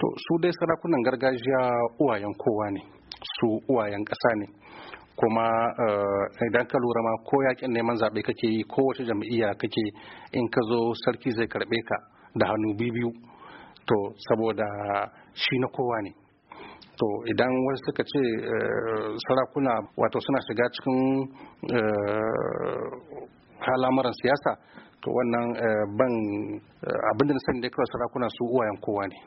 to su dai sarakunan gargajiya uwayen kowa ne su uwayen ƙasa ne kuma eh, idan ka lura ma ko yakin neman zaɓe kake yi kowace jam'iyya kake in ka zo sarki zai karɓe ka da hannu biyu to saboda shi na kowa ne to idan wasu suka ce eh, sarakuna wato suna shiga cikin eh, halamuran siyasa to wannan ban abinda na sani da kawai sarakuna su uwayen kowa ne